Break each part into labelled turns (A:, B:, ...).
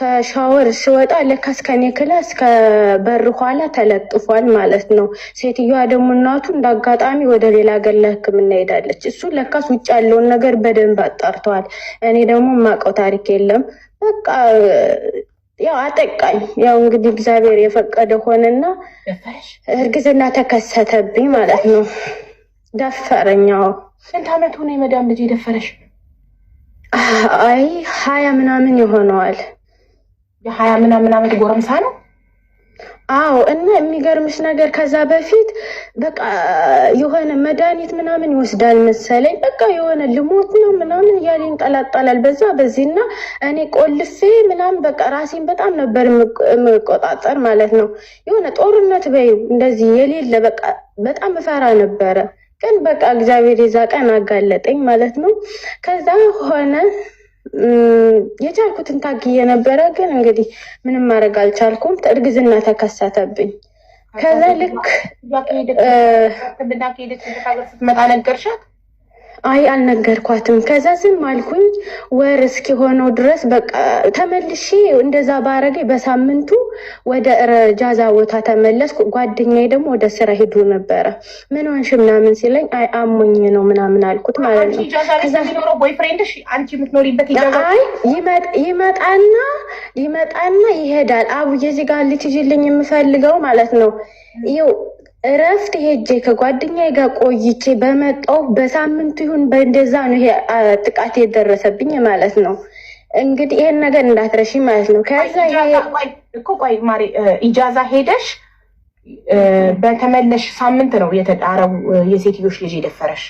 A: ከሻወር ስወጣ ለካስ ከኔ ክላስ ከበር ኋላ ተለጥፏል ማለት ነው። ሴትዮዋ ደግሞ እናቱ እንደ አጋጣሚ ወደ ሌላ ገር ለሕክምና ሄዳለች። እሱ ለካስ ውጭ ያለውን ነገር በደንብ አጣርተዋል። እኔ ደግሞ የማውቀው ታሪክ የለም። በቃ ያው አጠቃኝ። ያው እንግዲህ እግዚአብሔር የፈቀደ ሆነና እርግዝና ተከሰተብኝ ማለት ነው። ደፈረኛው።
B: ስንት ዓመት ሆነ የመዳም ልጅ የደፈረሽ?
A: አይ ሀያ ምናምን ይሆነዋል
B: የሀያ ምናምን ዓመት ጎረምሳ ነው።
A: አዎ እና የሚገርምሽ ነገር ከዛ በፊት በቃ የሆነ መድኃኒት ምናምን ይወስዳል መሰለኝ። በቃ የሆነ ልሞት ነው ምናምን እያለ ይንጠላጠላል በዛ በዚህና እኔ ቆልፌ ምናምን በቃ ራሴን በጣም ነበር የምቆጣጠር ማለት ነው። የሆነ ጦርነት በይ እንደዚህ የሌለ በቃ በጣም እፈራ ነበረ። ግን በቃ እግዚአብሔር የዛ ቀን አጋለጠኝ ማለት ነው። ከዛ ሆነ የቻልኩትን ታግዬ ነበረ፣ ግን እንግዲህ ምንም ማድረግ አልቻልኩም። እርግዝና ተከሰተብኝ። ከዛ ልክ
B: ስትመጣ ነገርሻት
A: አይ አልነገርኳትም። ከዛ ዝም አልኩኝ። ወር እስኪሆነው ድረስ በቃ ተመልሼ እንደዛ ባረገ በሳምንቱ ወደ ጃዛ ቦታ ተመለስኩ። ጓደኛዬ ደግሞ ወደ ስራ ሄዱ ነበረ። ምን ሆንሽ ምናምን ሲለኝ አይ አሞኝ ነው ምናምን አልኩት ማለት ነው። ይመጣና ይመጣና ይሄዳል። አቡ የዚህ ጋር ልትይዥልኝ የምፈልገው ማለት ነው ይኸው እረፍት ሄጄ ከጓደኛ ጋር ቆይቼ በመጣው በሳምንቱ ይሁን በእንደዛ ነው ይሄ ጥቃት የደረሰብኝ ማለት ነው። እንግዲህ ይሄን ነገር እንዳትረሺ ማለት ነው። ከዛ
B: እኮ ቆይ ማሪ ኢጃዛ ሄደሽ በተመለሽ ሳምንት ነው የተጣረው የሴትዮሽ ልጅ የደፈረሽ?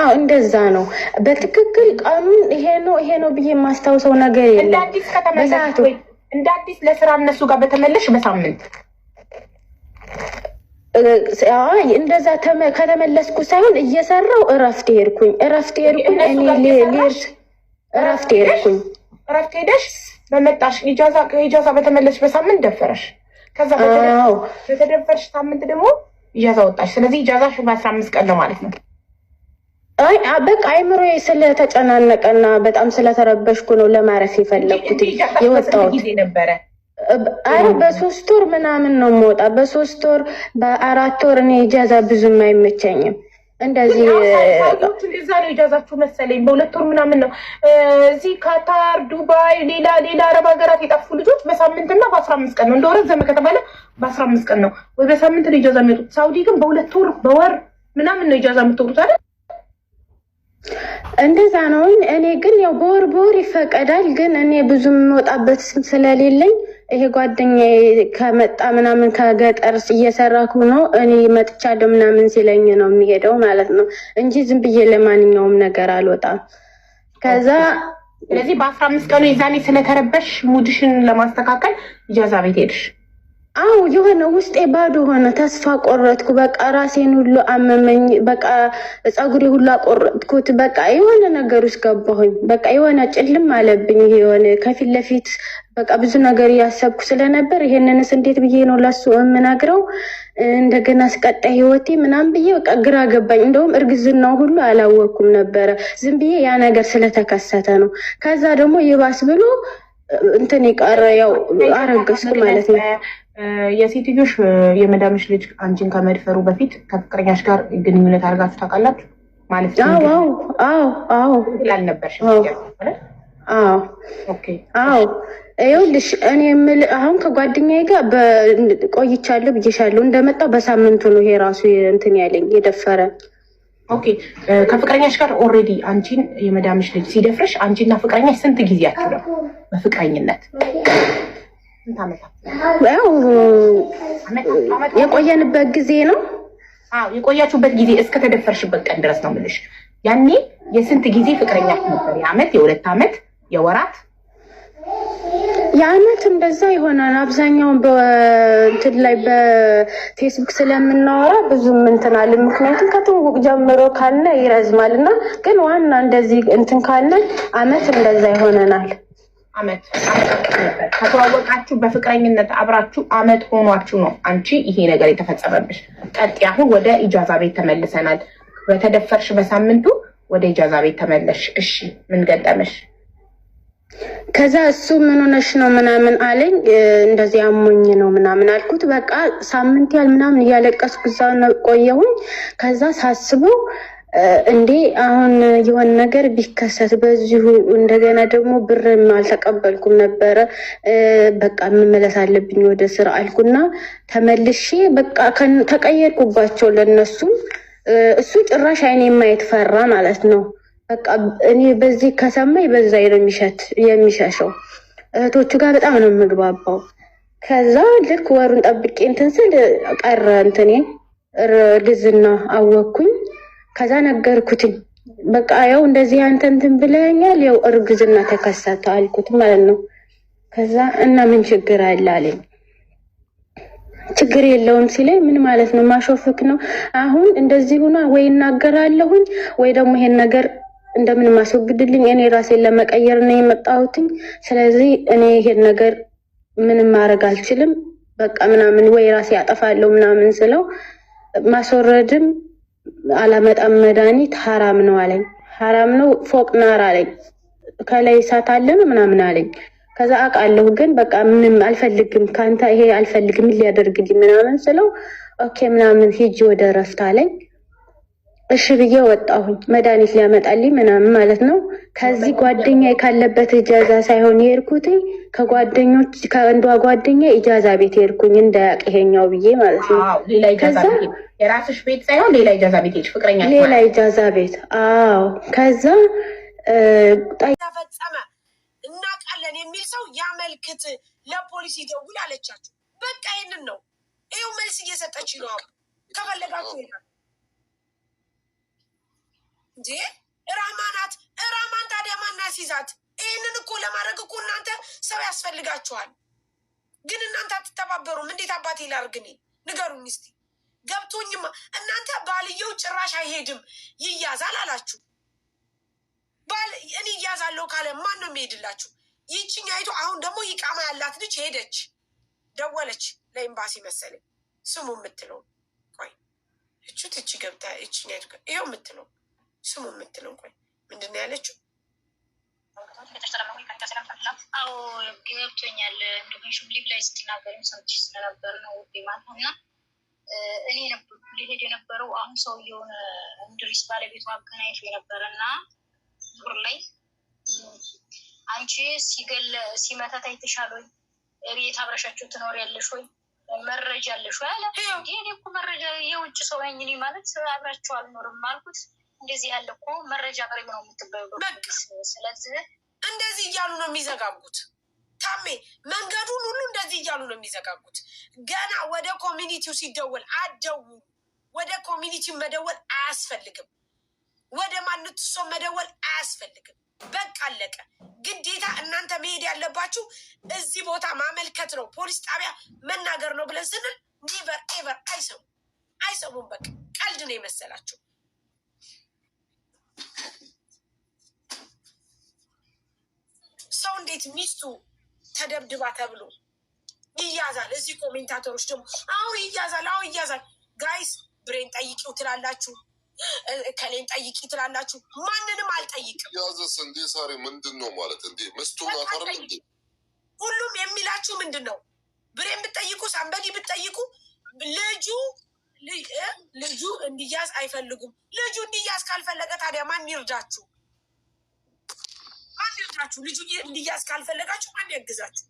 A: አዎ እንደዛ ነው በትክክል ቀኑን ይሄ ነው ይሄ ነው ብዬ የማስታውሰው ነገር የለም።
B: እንደ አዲስ ለስራ እነሱ ጋር በተመለሽ በሳምንት
A: እንደዛ ከተመለስኩ ሳይሆን እየሰራው እረፍት ሄድኩኝ። እረፍት ሄድኩኝ። እኔ
B: ሌርስ እረፍት ሄድኩኝ። እረፍት ሄደሽ በመጣሽ ኢጃዛ በተመለስሽ በሳምንት ደፈረሽ። ከዛ በተደፈረሽ ሳምንት ደግሞ ኢጃዛ ወጣሽ። ስለዚህ ኢጃዛሽ በአስራ አምስት ቀን ነው ማለት ነው።
A: አይ በቃ አይምሮ ስለተጨናነቀና በጣም ስለተረበሽኩ ነው ለማረፍ የፈለግኩት የወጣሁት ነበረ አይ በሶስት ወር ምናምን ነው የምወጣ። በሶስት ወር በአራት ወር እኔ ኢጃዛ ብዙም አይመቸኝም። እንደዚህ እንደዛ
B: ነው ኢጃዛችሁ መሰለኝ። በሁለት ወር ምናምን ነው እዚህ ካታር፣ ዱባይ፣ ሌላ ሌላ አረብ ሀገራት የጠፉ ልጆች በሳምንትና በአስራ አምስት ቀን ነው እንደወረ ዘመ ከተባለ በአስራ አምስት ቀን ነው ወይ በሳምንት ነው ኢጃዛ የሚወጡት። ሳውዲ ግን በሁለት ወር በወር ምናምን ነው ኢጃዛ የምትወጡት አይደል?
A: እንደዛ ነው። እኔ ግን ያው በወር በወር ይፈቀዳል። ግን እኔ ብዙ የምወጣበት ስም ስለሌለኝ ይሄ ጓደኛ ከመጣ ምናምን ከገጠር እየሰራኩ ነው እኔ መጥቻለሁ ምናምን ሲለኝ ነው የሚሄደው ማለት ነው እንጂ ዝም ብዬ ለማንኛውም ነገር አልወጣም። ከዛ
B: ስለዚህ በአስራ አምስት ቀኑ የዛኔ ስለተረበሽ ሙድሽን ለማስተካከል እጃዛ ቤት ሄድሽ።
A: አዎ የሆነ ውስጤ ባዶ ሆነ። ተስፋ ቆረጥኩ። በቃ ራሴን ሁሉ አመመኝ። በቃ ፀጉሬ ሁሉ አቆረጥኩት። በቃ የሆነ ነገር ውስጥ ገባሁኝ። በቃ የሆነ ጭልም አለብኝ። ይሄ የሆነ ከፊት ለፊት በቃ ብዙ ነገር እያሰብኩ ስለነበር ይሄንንስ እንዴት ብዬ ነው ለሱ የምናግረው? እንደገና ስቀጣይ ህይወቴ ምናምን ብዬ በቃ ግራ ገባኝ። እንደውም እርግዝናው ሁሉ አላወቅኩም ነበረ። ዝም ብዬ ያ ነገር ስለተከሰተ ነው። ከዛ ደግሞ ይባስ ብሎ እንትን የቀረ ያው አረገዝኩ ማለት ነው።
B: የሴትዮሽ የመዳምሽ ልጅ አንቺን ከመድፈሩ በፊት ከፍቅረኛሽ ጋር ግንኙነት አድርጋችሁ ታውቃላችሁ ማለት ላልነበርሽ?
A: ይኸውልሽ፣ እኔ የምል አሁን ከጓደኛዬ ጋር ቆይቻለሁ ብዬሻለሁ። እንደመጣው በሳምንቱ ነው ይሄ ራሱ እንትን ያለኝ የደፈረ
B: ኦኬ ከፍቅረኛሽ ጋር ኦልሬዲ አንቺን የመዳምሽ ልጅ ሲደፍርሽ አንቺና ፍቅረኛሽ ስንት ጊዜያችሁ ነው በፍቅረኝነት?
A: ያው የቆየንበት ጊዜ ነው።
B: አዎ የቆያችሁበት ጊዜ ተደፈርሽበት ቀን ድረስ ነው የምልሽ። ያኔ የስንት ጊዜ ፍቅረኛ ነበር? የአመት የሁለት አመት የወራት
A: የአመት እንደዛ ይሆናል። አብዛኛውን በእንትን ላይ በፌስቡክ ስለምናወራ ብዙ እንትን አለ። ምክንያቱም ከትውውቅ ጀምሮ ካለ ይረዝማል እና ግን ዋና እንደዚህ እንትን ካለ አመት እንደዛ ይሆነናል።
B: አመት ከተዋወቃችሁ በፍቅረኝነት አብራችሁ አመት ሆኗችሁ ነው አንቺ ይሄ ነገር የተፈጸመብሽ። ቀጥ አሁን ወደ ኢጃዛ ቤት ተመልሰናል። በተደፈርሽ በሳምንቱ ወደ ኢጃዛ ቤት ተመለሽ። እሺ ምን ገጠመሽ?
A: ከዛ እሱ ምን ሆነሽ ነው ምናምን አለኝ። እንደዚህ አሞኝ ነው ምናምን አልኩት። በቃ ሳምንት ያህል ምናምን እያለቀስኩ እዛ ቆየሁኝ። ከዛ ሳስቡ እንዴ አሁን የሆን ነገር ቢከሰት በዚሁ እንደገና ደግሞ ብርም አልተቀበልኩም ነበረ። በቃ መመለስ አለብኝ ወደ ስራ አልኩና ተመልሼ በቃ ተቀየርኩባቸው። ለነሱም እሱ ጭራሽ አይኔ ማየት ፈራ ማለት ነው። በቃ እኔ በዚህ ከሰማኝ በዛ ነው የሚሸሸው። እህቶቹ ጋር በጣም ነው የምግባባው። ከዛ ልክ ወሩን ጠብቄ እንትን ስል ቀረ እንትኔ ልዝና አወኩኝ ከዛ ነገርኩትኝ። በቃ ያው እንደዚህ አንተ እንትን ብለኛል፣ ያው እርግዝና ተከሰተ አልኩት ማለት ነው። ከዛ እና ምን ችግር አለ አለኝ። ችግር የለውም ሲለኝ ምን ማለት ነው? ማሾፍክ ነው? አሁን እንደዚህ ሁና ወይ እናገራለሁኝ ወይ ደግሞ ይሄን ነገር እንደምን ማስወግድልኝ። እኔ ራሴን ለመቀየር ነው የመጣሁትኝ። ስለዚህ እኔ ይሄን ነገር ምንም ማድረግ አልችልም፣ በቃ ምናምን ወይ ራሴ ያጠፋለሁ ምናምን ስለው ማስወረድም አላመጣም መድኃኒት ሀራም ነው አለኝ። ሀራም ነው ፎቅ ናር አለኝ። ከላይ እሳት አለ ነው ምናምን አለኝ። ከዛ አውቃለሁ ግን በቃ ምንም አልፈልግም ከአንተ ይሄ አልፈልግም ሊያደርግልኝ ምናምን ስለው ኦኬ ምናምን ሂጂ ወደ እረፍት አለኝ። እሺ ብዬ ወጣሁኝ። መድኃኒት ሊያመጣልኝ ምናምን ማለት ነው። ከዚህ ጓደኛ ካለበት እጃዛ ሳይሆን የሄድኩት ከጓደኞች ከእንዷ ጓደኛ እጃዛ ቤት የሄድኩኝ እንዳያውቅ ይሄኛው ብዬ ማለት
B: ነው ከዛ የራስሽ ቤት ሳይሆን ሌላ ኢጃዛ ቤት ሄድሽ፣ ፍቅረኛ
A: ሌላ ኢጃዛ ቤት። አዎ፣ ከዛ ተፈጸመ
B: እናውቃለን የሚል ሰው ያመልክት ለፖሊስ ይደውል አለቻችሁ። በቃ ይህንን ነው ይኸው መልስ እየሰጠች ነው። ከፈለጋችሁ ይላል እንዴ ራማናት ራማን ታዲያ ማናት ይዛት? ይህንን እኮ ለማድረግ እኮ እናንተ ሰው ያስፈልጋችኋል። ግን እናንተ አትተባበሩም። እንዴት አባቴ ላርግኔ ንገሩኝ እስኪ ገብቶኝም እናንተ ባልየው ጭራሽ አይሄድም ይያዛል አላችሁ። ባል እኔ እያዛለሁ ካለ ማን ነው የሚሄድላችሁ? ይችኝ አይቶ አሁን ደግሞ ይቃማ ያላት ልጅ ሄደች፣ ደወለች ለኤምባሲ መሰለኝ ስሙ የምትለው ቆይ እቹ ትቺ ገብታ እችኛ አይቶ ይኸው የምትለው ስሙ የምትለው ቆይ ምንድን ነው ያለችው?
C: አዎ ገብቶኛል። እንደሆን ሹምሊግ ላይ ስትናገሩ ሰምቼ ስለነበር ነው ማ እና እኔ ነበርኩ ሊሄድ የነበረው። አሁን የሆነ እንድሪስ ባለቤቱ አገናኝቶ የነበረ እና ላይ አንቺ ሲገለ ሲመታታ አይተሻል ቤት አብረሻቸው ትኖር ያለሽ ወይ? መረጃ አለሽ ወይ አለ። እኔ እኮ መረጃ የውጭ ሰው ነኝ እኔ ማለት አብራቸው አልኖርም አልኩት። እንደዚህ ያለ እኮ መረጃ ቅርብ ነው የምትበሉ። ስለዚህ
B: እንደዚህ እያሉ ነው የሚዘጋቡት ታሜ መንገዱን ሁሉ እንደዚህ እያሉ ነው የሚዘጋጉት። ገና ወደ ኮሚኒቲው ሲደወል አደው ወደ ኮሚኒቲው መደወል አያስፈልግም። ወደ ማንት ሰው መደወል አያስፈልግም። በቃ አለቀ። ግዴታ እናንተ መሄድ ያለባችሁ እዚህ ቦታ ማመልከት ነው፣ ፖሊስ ጣቢያ መናገር ነው ብለን ስንል ኒቨር ኤቨር አይሰሙ አይሰሙም። በቃ ቀልድ ነው የመሰላችሁ። ሰው እንዴት ሚስቱ ተደብድባ ተብሎ ይያዛል። እዚህ ኮሜንታተሮች ደግሞ አሁን ይያዛል፣ አሁን ይያዛል። ጋይስ ብሬን ጠይቂው ትላላችሁ፣ ከሌን ጠይቂ ትላላችሁ። ማንንም አልጠይቅም።
D: ያዘስ እንዴ ሳሪ ምንድን ነው ማለት እንዴ? ምስቱ ናፈር
B: ሁሉም የሚላችሁ ምንድን ነው? ብሬን ብጠይቁ ሳንበዲ ብጠይቁ ልጁ ልጁ እንዲያዝ አይፈልጉም። ልጁ እንዲያዝ ካልፈለገ ታዲያ ማን ይርዳችሁ? ናችሁ። ልጁ እንዲያዝ ካልፈለጋችሁ ማን ያግዛችሁ?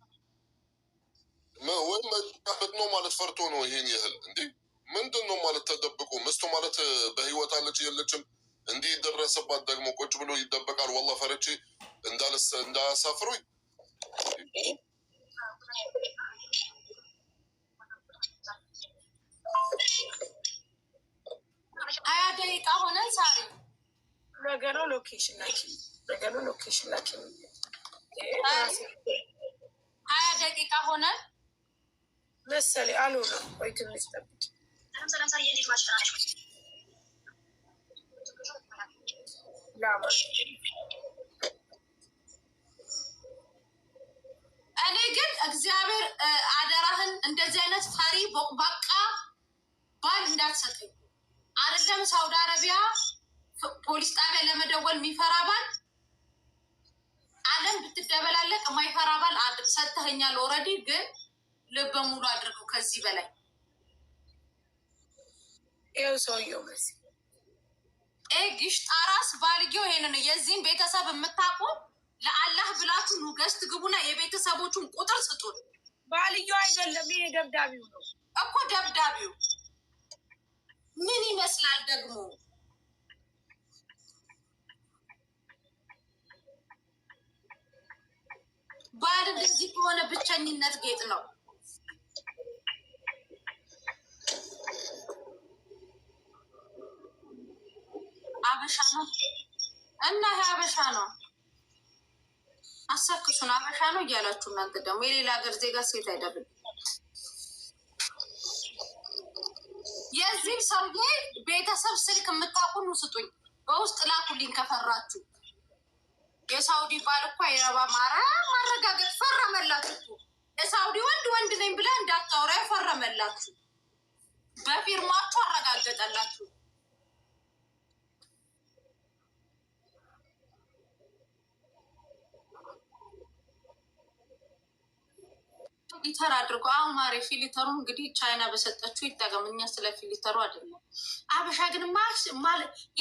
D: ወይም መጠበቅ ነው ማለት ፈርቶ ነው። ይሄን ያህል እንዴ ምንድን ነው ማለት ተደብቆ ምስቱ ማለት በህይወት አለች የለችም እንዲህ ይደረሰባት ደግሞ ቁጭ ብሎ ይደበቃል። ወላ ፈረቼ እንዳያሳፍሩኝ
B: ሀያ ደቂቃ ሆነ። ሳሪ ነገረው ሎኬሽን ናቸው በገሉ ሎኬሽን ላኪ። ሀያ ደቂቃ ሆነ መሰለኝ አሉ ነው ወይ ትንሽ ጠብቂ። እኔ ግን እግዚአብሔር አደራህን እንደዚህ አይነት ፈሪ ቦቅባቃ ባል እንዳትሰጠኝ። አይደለም ሳውዲ አረቢያ ፖሊስ ጣቢያ ለመደወል የሚፈራ ባል ትልቅ የማይፈራ ባል ሰጥተኸኛል። ኦልሬዲ ግን ልበ ሙሉ አድርገው ከዚህ በላይ ይኸው ሰውየው መሲ ግሽ ጣራስ ባልጌው ይሄንን የዚህን ቤተሰብ የምታውቁ ለአላህ ብላችሁ ንገስት ግቡና የቤተሰቦቹን ቁጥር ስጡን። ባልየው አይደለም ይሄ ደብዳቢው ነው እኮ ደብዳቢው ምን ይመስላል ደግሞ የሆነ ብቸኝነት ጌጥ ነው። አበሻ ነው እና ይሄ አበሻ ነው አሰክሱን አበሻ ነው እያላችሁ እናንተ ደግሞ የሌላ ሀገር ዜጋ ሴት አይደብም። የዚህ ሰውዬ ቤተሰብ ስልክ የምታቁን ስጡኝ፣ በውስጥ ላኩልኝ ከፈራችሁ። የሳውዲ ባል እኳ የረባ ማርያም ማረጋገጥ ፈረመላችሁ እኮ የሳውዲ ወንድ ወንድ ነኝ ብላ እንዳታወራ ፈረመላችሁ፣ በፊርማችሁ አረጋገጠላችሁ። ፊሊተር አድርጎ አሁን ማሬ ፊሊተሩ እንግዲህ ቻይና በሰጠችው ይጠቀም። እኛ ስለ ፊሊተሩ አይደለም። አበሻ ግን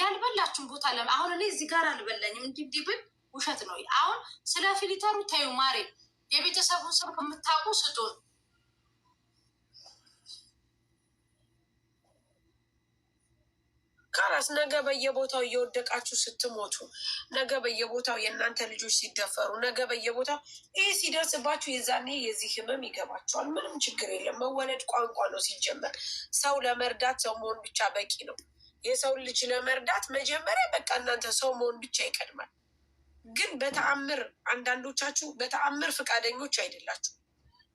B: ያልበላችሁን ቦታ ለም አሁን እኔ እዚህ ጋር አልበላኝም እንዲህ እንዲህ ብል ውሸት ነው። አሁን ስለ ፊልተሩ ተዩ ማሬ፣ የቤተሰቡን ስም ከምታውቁ ስጡን። ከራስ ነገ በየቦታው እየወደቃችሁ ስትሞቱ፣ ነገ በየቦታው የእናንተ ልጆች ሲደፈሩ፣ ነገ በየቦታው ይህ ሲደርስባችሁ የዛኔ የዚህ ህመም ይገባችኋል። ምንም ችግር የለም። መወለድ ቋንቋ ነው። ሲጀመር ሰው ለመርዳት ሰው መሆን ብቻ በቂ ነው። የሰው ልጅ ለመርዳት መጀመሪያ በቃ እናንተ ሰው መሆን ብቻ ይቀድማል። ግን በተአምር አንዳንዶቻችሁ በተአምር ፈቃደኞች አይደላችሁ።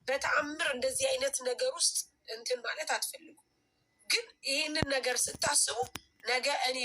B: በተአምር እንደዚህ አይነት ነገር ውስጥ እንትን ማለት አትፈልጉ። ግን ይህንን ነገር ስታስቡ ነገ እኔ